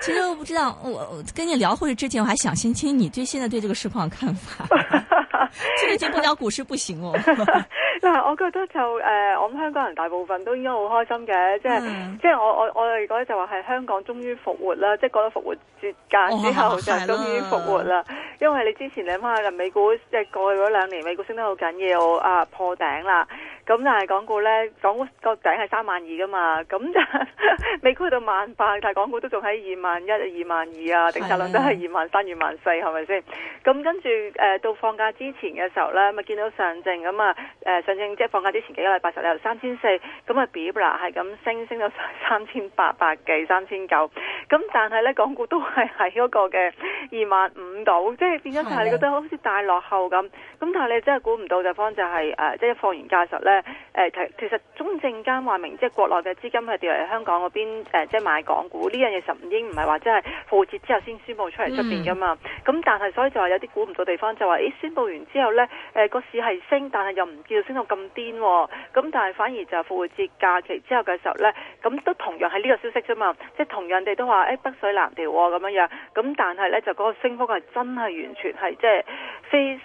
其實我不知道，我跟你聊會之前，我還想先聽你對現在對這個市況的看法。 其實今不聊股市不行哦 那我覺得就誒、呃，我諗香港人大部分都應該好開心嘅、嗯，即係即係我我我覺得就話係香港終於復活啦、嗯，即係過咗復活節假之後就終於復活啦、哦。因為你之前你諗下，就美股即係、嗯、過去嗰兩年美股升得好緊要啊，破頂啦。咁但係港股咧，港股個頂係三萬二噶嘛，咁就未估到萬八，但係港股都仲喺二萬一二萬二啊，定頭輪都係二萬三、二萬四，係咪先？咁跟住到放假之前嘅時候咧，咪見到上證咁啊、呃、上證即係放假之前幾個禮拜，十日又三千四，咁啊飆啦，係咁升升到三千八百幾、三千九，咁但係咧港股都係喺嗰個嘅二萬五度，即係變咗曬，你覺得好似大落後咁，咁但係你真係估唔到嘅地方就係、是、誒、呃，即係一放完假實咧。誒、呃，誒，其其實中證監話明，即係國內嘅資金係調嚟香港嗰邊，誒、呃，即係買港股呢樣嘢，實已經唔係話真係復活節之後先宣布出嚟，出面噶嘛。咁、嗯、但係所以就話有啲估唔到地方就，就話誒，宣布完之後呢，誒、呃、個市係升，但係又唔知道升到咁癲喎。咁但係反而就復活節假期之後嘅時候呢，咁都同樣係呢個消息啫嘛，即、就、係、是、同樣哋都話誒、欸、北水南調咁、哦、樣樣。咁但係呢，就嗰個升幅係真係完全係即係非。就是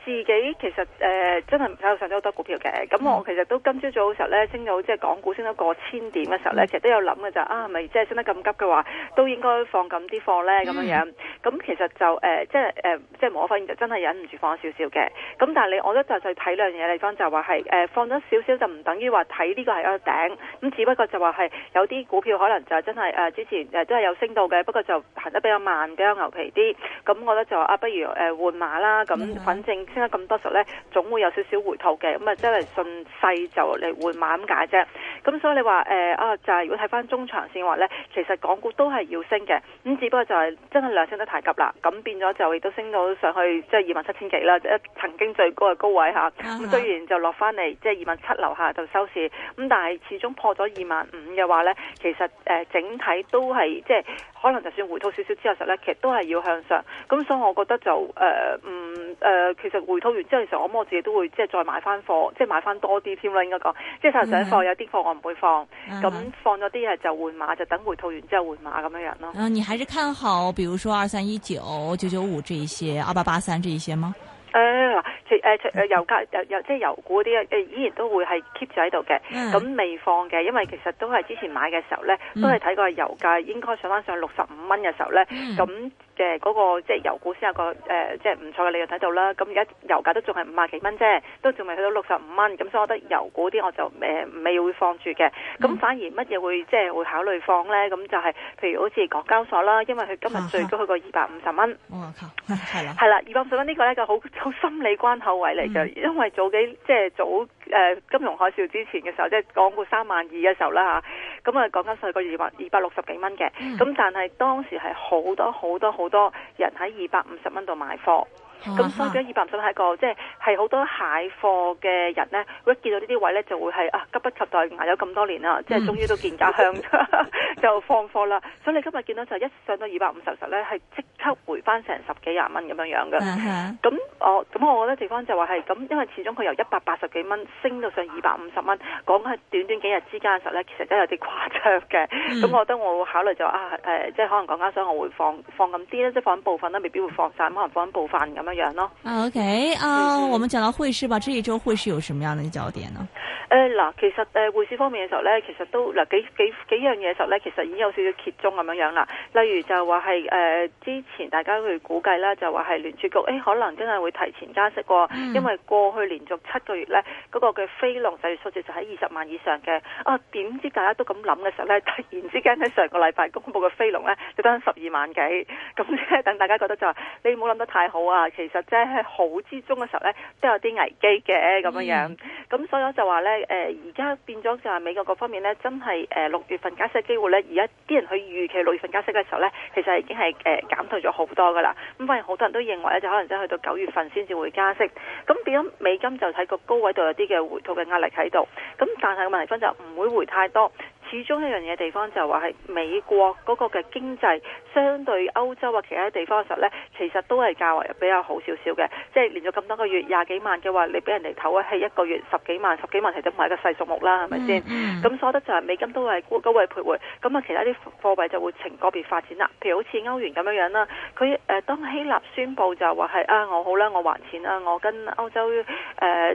自己其實誒、呃、真係睇到上咗好多股票嘅，咁我其實都今朝早嘅時候咧升到即係、就是、港股升到過千點嘅時候咧，其實都有諗嘅就啊，係咪即係升得咁急嘅話，都應該放咁啲貨咧咁樣樣。咁其實就誒、呃、即係誒、呃、即係、呃、無可否認就真係忍唔住放少少嘅。咁但係你我覺得就睇兩樣嘢地方就話係誒放咗少少就唔等於話睇呢個係一個頂，咁只不過就話係有啲股票可能就真係誒、呃、之前誒真係有升到嘅，不過就行得比較慢，比較牛皮啲。咁我覺得就話啊不如誒、呃、換馬啦，咁反正。升得咁多時呢，時候咧總會有少少回吐嘅，咁啊真係順勢就嚟換馬咁解啫。咁所以你話誒、呃、啊，就係如果睇翻中長線嘅話咧，其實港股都係要升嘅，咁只不過就係真係量升得太急啦，咁變咗就亦都升到上去即係二萬七千幾啦，就是了就是、曾經最高嘅高位嚇。咁雖然就落翻嚟即係二萬七樓下就收市，咁但係始終破咗二萬五嘅話咧，其實誒、呃、整體都係即係可能就算回吐少少之後時候呢，實咧其實都係要向上。咁所以我覺得就誒、呃、嗯。誒、呃，其實回吐完之後，咁我自己都會即係再買翻貨，即係買翻多啲添啦，應該講，即係實際上貨有啲貨我唔會放，咁、嗯、放咗啲係就換碼，就等回吐完之後換碼咁樣樣咯、嗯。你還是看好，比如說二三一九、九九五這一些，二八八三這一些嗎？誒、呃，除、呃呃、油價、呃、即係油股啲依、呃呃、然都會係 keep 住喺度嘅，咁、嗯、未放嘅，因為其實都係之前買嘅時候呢，嗯、都係睇過油價應該上翻上六十五蚊嘅時候呢。咁、嗯。嗯嘅、那、嗰個即係油股先有個誒、呃，即係唔錯嘅，利潤睇到啦。咁而家油價都仲係五十幾蚊啫，都仲未去到六十五蚊。咁所以我覺得油股啲我就誒未，未會放住嘅。咁反而乜嘢會即係會考慮放咧？咁就係、是、譬如好似港交所啦，因為佢今日最高去過二百五十蚊。哇係啦，係啦，二百五十蚊呢個咧就好好心理關口位嚟嘅， 因為早幾即係早。誒金融海嘯之前嘅時候，即係講過三萬二嘅時候啦嚇，咁啊講緊細個二百二百六十幾蚊嘅，咁但係當時係好多好多好多人喺二百五十蚊度買貨。咁所以二百五十蚊，係、啊、一個即係係好多蟹貨嘅人咧，會一見到呢啲位咧，就會係啊急不及待捱咗咁多年啦，即係終於都見家鄉，嗯、 就放貨啦。所以你今日見到就一上到二百五十時咧，係即刻回翻成十幾廿蚊咁樣樣嘅。咁、嗯嗯、我咁我覺得地方就話係咁，因為始終佢由一百八十幾蚊升到上二百五十蚊，講緊喺短短幾日之間嘅時候咧，其實都有啲誇張嘅。咁、嗯、我覺得我會考慮就是、啊誒、呃，即係可能講家想我會放放咁啲咧，即係放緊部分咧，未必會放晒，可能放緊部分咁樣。咁樣咯，OK 啊、uh, 嗯，我們講到匯市吧，這一周匯市有什麼樣的焦點呢？誒、呃、嗱，其實誒、呃、匯市方面嘅時候咧，其實都嗱、呃、幾幾幾樣嘢時候咧，其實已經有少少揭盅咁樣樣啦。例如就話係誒之前大家去估計啦，就話係聯儲局誒可能真係會提前加息過、嗯，因為過去連續七個月咧、嗰個嘅非農就業數字就喺二十萬以上嘅。啊，點知大家都咁諗嘅時候咧，突然之間喺上個禮拜公布嘅非農咧，就得十二萬幾。咁、嗯、即 等大家覺得就話你唔好諗得太好啊。其實真係好之中嘅時候呢，都有啲危機嘅，咁樣樣，咁、嗯、所以就話呢，誒而家變咗就係美國各方面呢，真係誒六月份加息嘅機會呢。而家啲人去預期六月份加息嘅時候呢，其實已經係誒、呃、減退咗好多噶啦，咁反而好多人都認為呢，就可能真係去到九月份先至會加息，咁變咗美金就喺個高位度有啲嘅回吐嘅壓力喺度，咁但係問題就唔會回太多。始終一樣嘢地方就話係美國嗰個嘅經濟相對歐洲或者其他地方嘅時候咧，其實都係較為比較好少少嘅，即係連續咁多個月廿幾萬嘅話，你俾人哋投嘅係一個月十幾萬、十幾萬，其實都唔係一個細數目啦，係咪先？咁、嗯嗯、所得就係美金都係高位徘徊，咁啊其他啲貨幣就會呈個別發展啦。譬如好似歐元咁樣樣啦，佢誒、呃、當希臘宣布就話係啊，我好啦，我還錢啊，我跟歐洲誒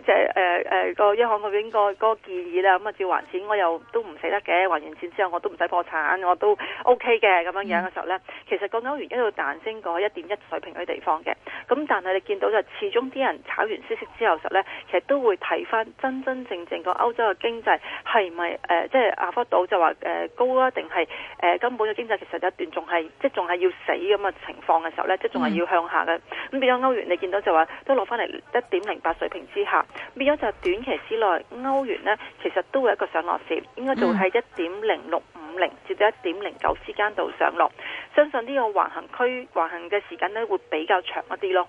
即係誒誒個央行嗰邊、嗰個、嗰個建議啦，咁啊照還錢我又都唔捨得嘅。還完錢之後，我都唔使破產，我都 O K 嘅，咁樣樣嘅時候呢，其實個歐元一度彈升過一點一水平嘅地方嘅。咁但係你見到就始終啲人炒完消息之後時候呢，其實都會睇翻真真正正個歐洲嘅經濟係咪誒，即係阿福島就話誒高啊定係誒根本嘅經濟其實有一段仲係即仲係要死咁嘅情況嘅時候呢，即仲係要向下嘅。咁變咗歐元，你見到就話都落翻嚟一點零八水平之下，變咗就短期之內歐元呢其實都係一個上落市，應該仲係一個。點零六五零至到一點零九之間度上落，相信呢個橫行區，橫行嘅時間咧會比較長一啲咯。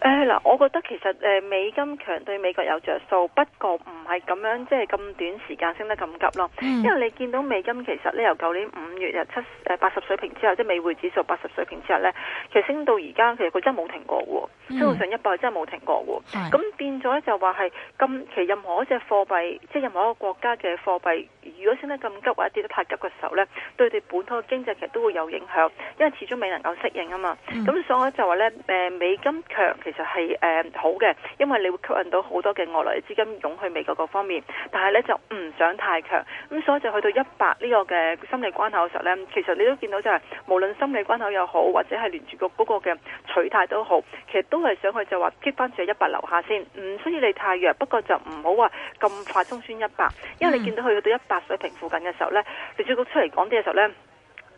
誒，嗱，我覺得其實誒，美金強對美國有着數，不過唔係咁樣，即係咁短時間升得咁急咯、嗯。因為你見到美金其實呢，由舊年五月又七誒八十水平之後，即係美匯指數八十水平之後呢，其實升到而家，其實佢真係冇停過嘅，嗯、升到上一百真係冇停過嘅。咁變咗就話係咁，其實任何一隻貨幣，即係任何一個國家嘅貨幣，如果升得咁急或者一跌得太急嘅時候呢，對佢哋本土嘅經濟其實都會有影響，因為始終未能夠適應啊嘛。咁、嗯、所以就話呢，誒、呃，美金強。其實係誒、呃、好嘅，因為你會吸引到好多嘅外來資金湧去美國各方面，但係呢，就唔想太強，咁、嗯、所以就去到一百呢個嘅心理關口嘅時候呢，其實你都見到就係、是、無論心理關口又好，或者係聯儲局嗰個嘅取態都好，其實都係想去就話 keep 翻住一百樓下先，唔需要你太弱，不過就唔好話咁快衝穿一百，因為你見到去到一百水平附近嘅時候呢，聯儲局出嚟講啲嘅時候呢。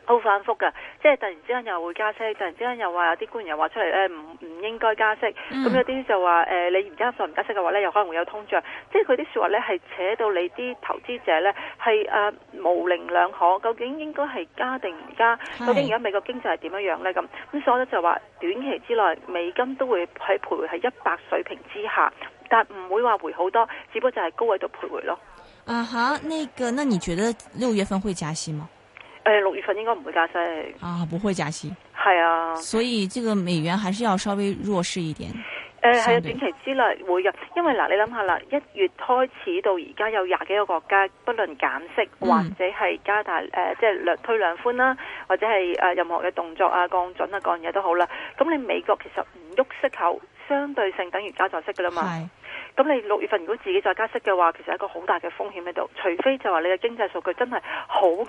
好反覆噶，即係突然之間又會加息，突然之間又話有啲官員又話出嚟咧唔唔應該加息，咁、嗯、有啲就話誒、呃、你而家再唔加息嘅話咧又可能會有通脹，即係佢啲說話咧係扯到你啲投資者咧係誒模棱兩可，究竟應該係加定唔加？究竟而家美國經濟係點樣樣咧？咁咁所以咧就話短期之內美金都會喺徘徊喺一百水平之下，但唔會話回好多，只不過就喺高位度徘徊咯。啊哈，呢個，那你覺得六月份會加息嗎？誒、呃，六月份應該唔會加息啊，不會加息，係啊，啊，所以這個美元還是要稍微弱勢一點。誒、呃，係、呃啊、短期之內會嘅，因為嗱、呃，你諗下啦，一月開始到而家有廿幾個國家不論減息或者係加大誒、嗯呃，即係略推量寬啦，或者係誒、呃、任何嘅動作啊、降準啊、降嘢都好啦，咁你美國其實唔喐息口，相對性等於加咗息噶啦嘛。咁你六月份如果自己再加息嘅話，其實一個好大嘅風險喺度，除非就話你嘅經濟數據真係好勁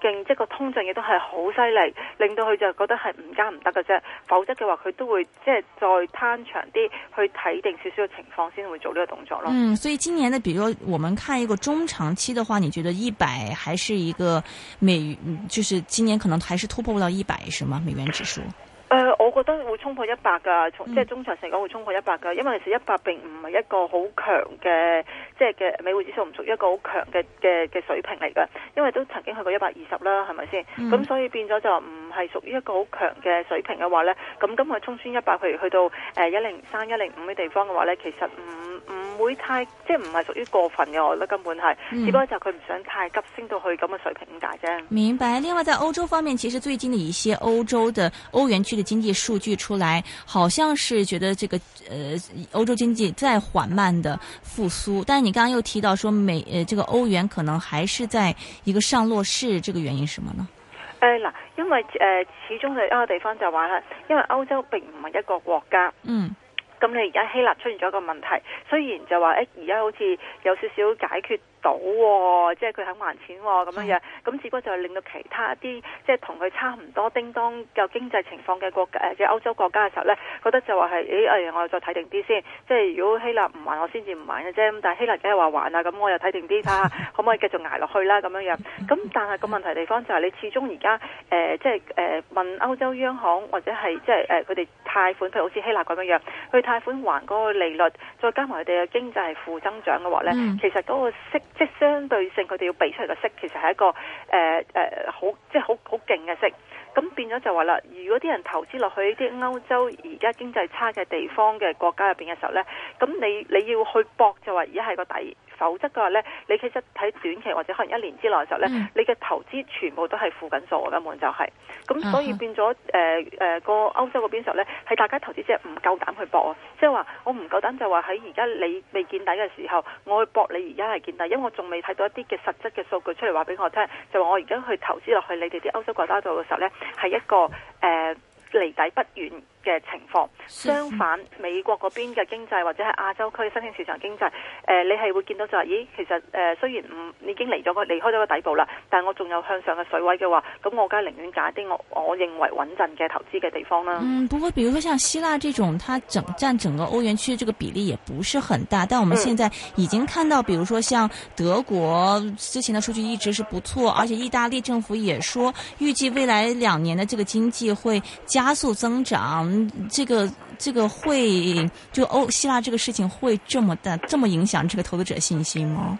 勁，即、就是、個通脹亦都係好犀利，令到佢就覺得係唔加唔得嘅啫。否則嘅話，佢都會即係再攤長啲去睇定少少嘅情況先會做呢個動作咯。嗯，所以今年呢，比如說我們看一個中長期嘅話，你覺得一百還是一個美，就是今年可能還是突破唔到一百，是嗎？美元指數？呃覺得會衝破一百㗎，即係、嗯、中長線嚟講會衝破一百㗎，因為其實一百並唔係一個好強嘅，即係嘅美匯指數唔屬於一個好強嘅嘅嘅水平嚟㗎，因為都曾經去過一百二十啦，係咪先？咁、嗯、所以變咗就唔係屬於一個好強嘅水平嘅話呢。咁今日衝穿一百，譬如去到誒一零三、一零五嘅地方嘅話呢，其實唔。嗯唔會太即係唔係屬於過分嘅，我覺得根本係、嗯，只不過就佢唔想太急升到去咁嘅水平咁大啫。明白。另外，在歐洲方面，其實最近的一些歐洲的歐元區的經濟數據出來，好像是覺得這個，呃，歐洲經濟在緩慢的復甦。但係你剛剛又提到說，美，呃，這個歐元可能還是在一個上落市，這個原因是什麼呢？誒，嗱，因為誒、呃，始終就一個地方就話係，因為歐洲並唔係一個國家，嗯。咁你而家希臘出現咗一個問題，雖然就話誒而家好似有少少解決到喎、哦，即係佢肯還錢喎、哦、咁樣樣，咁只不過就係令到其他啲即係同佢差唔多叮當嘅經濟情況嘅國家嘅、呃、歐洲國家嘅時候呢，覺得就話係誒誒我再睇定啲先，即係如果希臘唔還我先至唔還嘅啫，咁但係希臘梗係話還啊，咁我又睇定啲睇下可唔可以繼續挨落去啦咁樣樣，咁但係個問題地方就係你始終而家、呃、即係誒、呃、問歐洲央行或者係即係誒佢哋。呃貸款譬如好似希臘咁樣樣，佢貸款還嗰個利率，再加埋佢哋嘅經濟係負增長嘅話咧，其實嗰個息即係相對性，佢哋要俾出嚟個息，其實係一個誒誒、呃呃、好即係好好勁嘅息。咁變咗就話啦，如果啲人投資落去啲歐洲而家經濟差嘅地方嘅國家入邊嘅時候咧，咁你你要去搏就話而家係個底。否則嘅話咧，你其實喺短期或者可能一年之內嘅時候咧、嗯，你嘅投資全部都係負緊數根本就係、是。咁所以變咗誒誒個歐洲嗰邊的時候咧，係大家投資者唔夠膽去搏。啊、就是！即係話我唔夠膽就話喺而家你未見底嘅時候，我去搏你而家係見底，因為我仲未睇到一啲嘅實質嘅數據出嚟話俾我聽，就話、是、我而家去投資落去你哋啲歐洲國家度嘅時候咧，係一個誒、呃、離底不遠。嘅情況，相反，美國嗰邊嘅經濟或者係亞洲區新興市場經濟，誒、呃，你係會見到就係、是，咦，其實誒、呃，雖然唔已經離咗個離開咗個底部啦，但係我仲有向上嘅水位嘅話，咁我梗係寧願揀啲我我認為穩陣嘅投資嘅地方啦。嗯，不過，比如講像希臘這種，它整佔整個歐元區這個比例也不是很大，但我們現在已經看到，比如講像德國之前嘅數據一直是不錯，而且意大利政府也說，預計未來兩年的這個經濟會加速增長。嗯，這個，這個會就歐、哦、希臘這個事情會這麼大，這麼影響這個投資者信心嗎？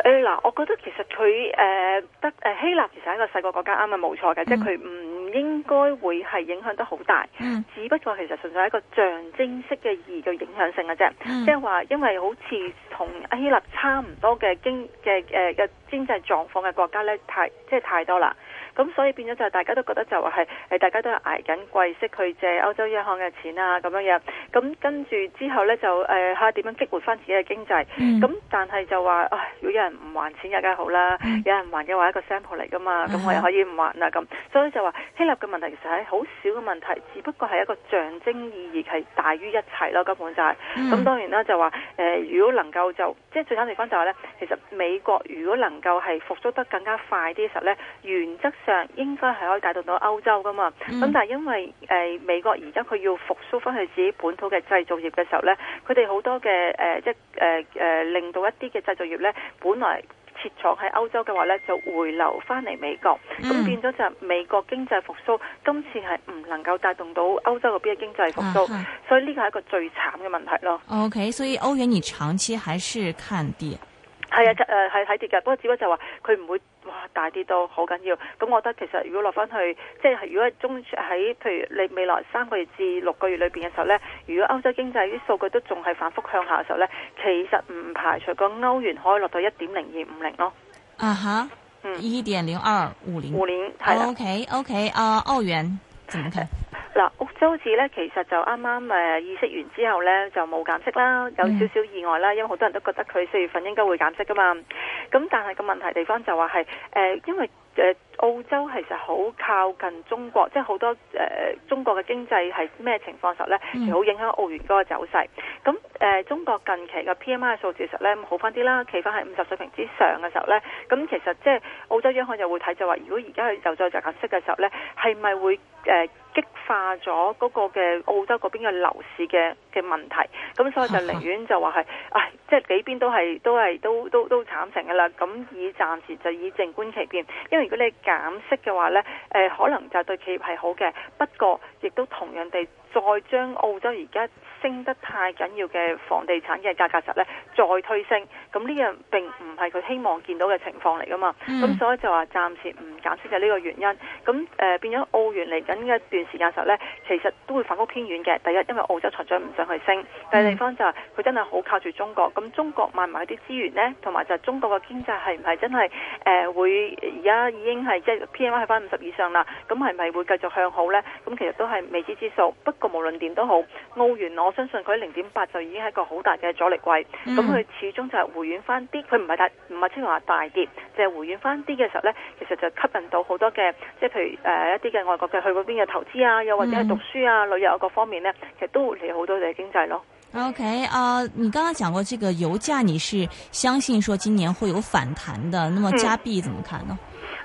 誒、呃、嗱，我覺得其實佢誒、呃、得誒、呃、希臘其實係一個細個國家啱啊，冇錯嘅，即係佢唔應該會係影響得好大、嗯。只不過其實純粹係一個象徵式嘅意義嘅影響性嘅啫、嗯，即係話因為好似同希臘差唔多嘅經嘅誒嘅經濟狀況嘅國家咧，太即係太多啦。咁所以變咗就係大家都覺得就係、是、大家都係捱緊貴息，去借歐洲央行嘅錢啊咁樣樣。咁跟住之後咧就誒，下點樣激活翻自己嘅經濟？咁、嗯、但係就話、呃，如果有人唔還錢，梗係好啦、嗯。有人還嘅話，一個 sample 嚟噶嘛，咁、嗯、我也可以唔還啦咁。所以就話希臘嘅問題其實係好少嘅問題，只不過係一個象徵意義係大於一切咯。根本就係、是、咁。嗯、當然啦，就、呃、話如果能夠就即係最慘地方就係咧，其實美國如果能夠係復甦得更加快啲嘅時候咧，原上應該係可以帶動到歐洲噶嘛？咁、嗯、但係因為誒、呃、美國而家佢要復甦翻去自己本土嘅製造業嘅時候咧，佢哋好多嘅誒即係誒誒令到一啲嘅製造業咧，本來設廠喺歐洲嘅話咧，就回流翻嚟美國。咁、嗯、變咗就美國經濟復甦，今次係唔能夠帶動到歐洲嗰邊嘅經濟復甦。所以呢個係一個最慘嘅問題咯。OK，所以歐元你長期還是看跌。係、嗯、啊，誒係睇跌嘅。不過只是說不過就話佢唔會。哇！大跌都好緊要，咁我覺得其實如果落翻去，即係如果係中喺譬如你未來三個月至六個月裏邊嘅時候咧，如果歐洲經濟啲數據都仲係反覆向下嘅時候咧，其實唔排除個歐元可以落到一點零二五零咯。啊哈，嗯，一點零二五零。五零。O K O K 啊，澳元點樣睇？嗱，澳洲市呢，其實就啱啱、呃、意識完之後呢，就冇減息啦，有少少意外啦，因為好多人都覺得佢四月份應該會減息噶嘛，咁但係個問題地方就話、係、係、呃、因為。誒澳洲其實好靠近中國，即係好多誒、呃、中國嘅經濟係咩情況時候咧，好影響澳元嗰個走勢。咁誒中國近期嘅 PMI 數字其實咧好翻啲啦，企翻喺五十水平之上嘅時候咧，咁其實即係澳洲央行就會睇就話，如果而家佢又再就減息嘅時候咧，係咪會誒激化咗嗰個嘅澳洲嗰邊嘅樓市嘅嘅問題？咁所以就寧願就話係啊，即係幾邊都係都係都都都慘成嘅啦。咁以暫時就以靜觀其變，因如果你減息嘅話咧，誒、呃，可能就對企業係好嘅，不過亦都同樣地再將澳洲而家。升得太緊要嘅房地產嘅價格實咧，再推升，咁呢樣並唔係佢希望見到嘅情況嚟噶嘛。咁、嗯、所以就話暫時唔減息嘅呢個原因。咁誒變咗澳元嚟緊嘅一段時間實咧，其實都會反覆偏軟嘅。第一，因為澳洲財長唔想去升；第二地方就係佢真係好靠住中國。咁中國買唔買啲資源呢，同埋就係中國嘅經濟係唔係真係誒、呃、會而家已經係即係 P M I 係返五十以上啦？咁係咪會繼續向好呢？咁其實都係未知之數。不過無論點都好，澳元攞。我相信佢零點八就已經係一個好大嘅阻力位，咁、嗯、佢始終就係回軟翻啲，佢唔係大，唔係即係話大跌，就係、是、回軟翻啲嘅時候咧，其實就吸引到好多嘅，即係譬如誒、呃、一啲嘅外國嘅去嗰邊嘅投資啊，又或者係讀書啊、嗯、旅遊各方面咧，其實都會嚟好多嘅經濟咯。OK 啊、呃，你剛剛講過這個油價，你是相信說今年會有反彈的，那麼加幣怎麼看呢？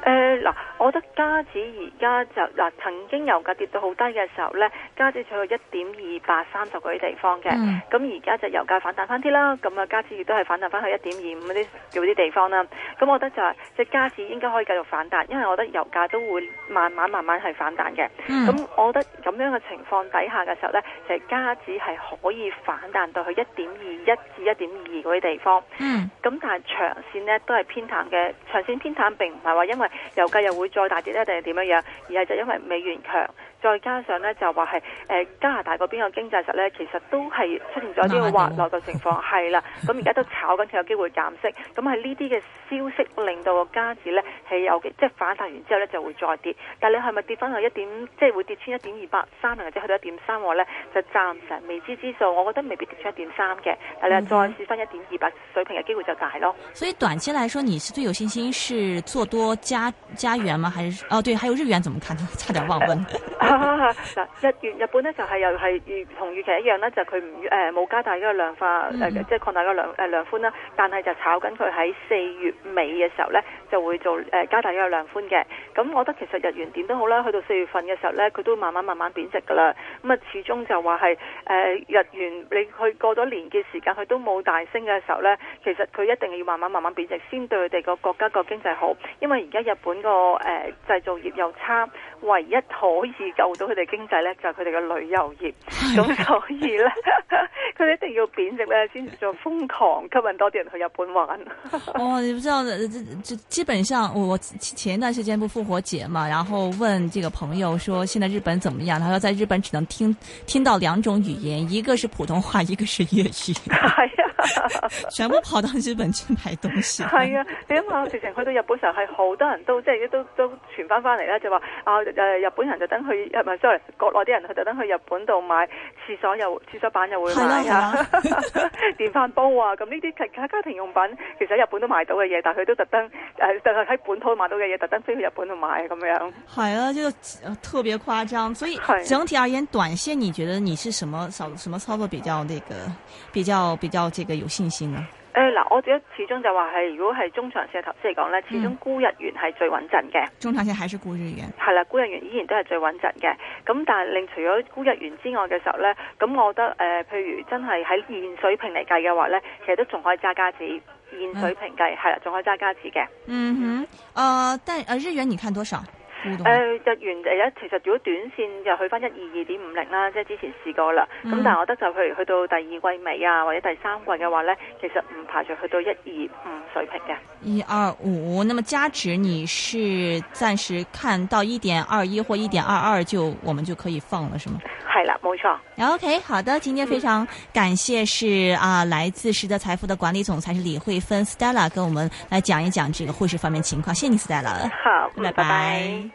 誒、嗯、老。呃我覺得加指而家就嗱、呃、曾經油價跌到好低嘅時候呢，加指去到一點二八三十嗰啲地方嘅。咁而家就油價反彈翻啲啦，咁啊加指亦都係反彈翻去一點二五嗰啲啲地方啦。咁我覺得就係即係加指應該可以繼續反彈，因為我覺得油價都會慢慢慢慢係反彈嘅。咁、嗯、我覺得咁樣嘅情況底下嘅時候呢，就係、嗯、加指係可以反彈到去一點二一至一點二嗰啲地方。咁、嗯、但係長線呢都係偏淡嘅，長線偏淡並唔係話因為油價又會，再大跌咧，定係點樣樣？而係就因為美元強。再加上咧就話係、呃、加拿大嗰邊個經濟實咧，其實都係出現咗啲滑落嘅情況，係啦。咁而家都炒緊佢有機會減息，咁喺呢啲嘅消息令到個加指咧係有嘅，即係反彈完之後咧就會再跌。但係你係咪跌翻去一點，即係會跌穿一點二八三，或者去到一點三咧？就暫時未知之數。我覺得未必跌穿一點三嘅，係、嗯、再試翻一點二八水平嘅機會就大咯。所以短期嚟說你是最有信心是做多加加元嘛？還是哦？對，還有日元，怎麼看？呢？差點忘問 嗱，一月日本咧就係、是、又係預同預期一樣咧，就佢唔誒冇加大嗰個量化誒，即係擴大個量誒、呃、量寬啦，但係就炒緊佢喺四月尾嘅時候咧。就會做誒加大一個量寬嘅，咁我覺得其實日元點都好啦，去到四月份嘅時候呢，佢都慢慢慢慢貶值噶啦，咁啊始終就話係誒日元你去過咗年嘅時間，佢都冇大升嘅時候呢，其實佢一定要慢慢慢慢貶值，先對佢哋個國家個經濟好，因為而家日本個誒製造業又差，唯一可以救到佢哋經濟呢，就係佢哋嘅旅遊業，咁所以呢。佢哋一定要貶值咧，先做瘋狂吸引多啲人去日本玩。哦，你不知道，基基本上，我前一段時間不復活節嘛，然後問這個朋友說，現在日本怎麼樣？他說在日本只能聽聽到兩種語言，一個是普通話，一個是粵語。 全部跑到日本去買東西，係 啊！你諗下事情去到日本時候係好多人都即係都都傳翻翻嚟啦，就話、是、啊誒，日本人特登去，唔、啊、係 sorry，國內啲人去特登去日本度買廁所又廁所板又會買啊，啊 電飯煲啊，咁呢啲其他家庭用品其實日本都買到嘅嘢，但係佢都特登誒，就係喺本土買到嘅嘢，特登飛去日本度買咁樣係 啊，即係特別誇張。所以整體而言，短線你覺得你是什麼掃什麼操作比較那個 比較比較這個？有信心啊。誒、呃、嗱，我哋咧始終就話係，如果係中長線嘅投資嚟講咧，始終沽日元係最穩陣嘅、嗯。中長線還是沽日元？係啦，沽日元依然都係最穩陣嘅。咁但係另除咗沽日元之外嘅時候咧，咁我覺得誒、呃，譬如真係喺現水平嚟計嘅話咧，其實都仲可以揸價值。現水平計係啦，仲、嗯、可以揸價值嘅。嗯哼。誒、呃，但誒、呃，日元你看多少？誒、呃，日元一其實如果短線就去翻，一二二點五零啦，即係之前試過啦。咁、嗯、但係我覺得就去去到第二季尾啊，或者第三季嘅話咧，其實唔排除去到一二五水平嘅。一二五，那麼加值，你是暫時看到一點二一或一點二二就我們就可以放了，是嗎？係啦，冇錯。OK，好的，今天非常感謝是、嗯、啊，來自時德財富的管理總裁是李慧芬 Stella 跟我們來講一講這個匯市方面情況。謝謝你 Stella。好，拜拜。拜拜。